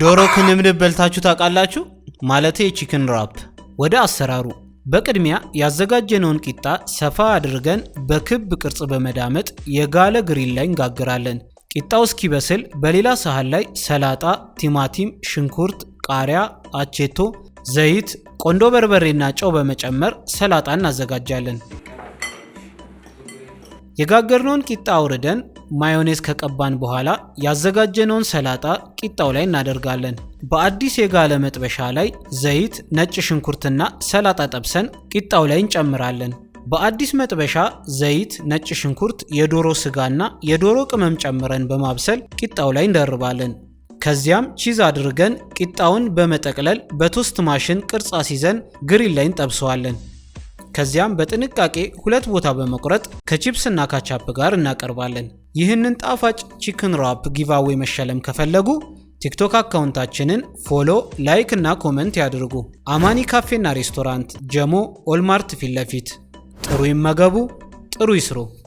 ዶሮ ክንብንብ በልታችሁ ታውቃላችሁ? ማለቴ ቺክን ራፕ። ወደ አሰራሩ በቅድሚያ ያዘጋጀነውን ቂጣ ሰፋ አድርገን በክብ ቅርጽ በመዳመጥ የጋለ ግሪል ላይ እንጋግራለን። ቂጣው እስኪበስል በሌላ ሳህን ላይ ሰላጣ፣ ቲማቲም፣ ሽንኩርት፣ ቃሪያ፣ አቼቶ፣ ዘይት፣ ቆንዶ በርበሬና ጨው በመጨመር ሰላጣ እናዘጋጃለን። የጋገርነውን ቂጣ አውርደን ማዮኔዝ ከቀባን በኋላ ያዘጋጀነውን ሰላጣ ቂጣው ላይ እናደርጋለን። በአዲስ የጋለ መጥበሻ ላይ ዘይት፣ ነጭ ሽንኩርትና ሰላጣ ጠብሰን ቂጣው ላይ እንጨምራለን። በአዲስ መጥበሻ ዘይት፣ ነጭ ሽንኩርት፣ የዶሮ ስጋና የዶሮ ቅመም ጨምረን በማብሰል ቂጣው ላይ እንደርባለን። ከዚያም ቺዝ አድርገን ቂጣውን በመጠቅለል በቶስት ማሽን ቅርጽ አስይዘን ግሪል ላይ እንጠብሰዋለን። ከዚያም በጥንቃቄ ሁለት ቦታ በመቁረጥ ከቺፕስና ካቻፕ ጋር እናቀርባለን። ይህንን ጣፋጭ ቺክን ራፕ ጊቫዌ መሸለም ከፈለጉ ቲክቶክ አካውንታችንን ፎሎ፣ ላይክ እና ኮመንት ያድርጉ። አማኒ ካፌና ሬስቶራንት ጀሞ ኦልማርት ፊት ለፊት። ጥሩ ይመገቡ፣ ጥሩ ይስሩ።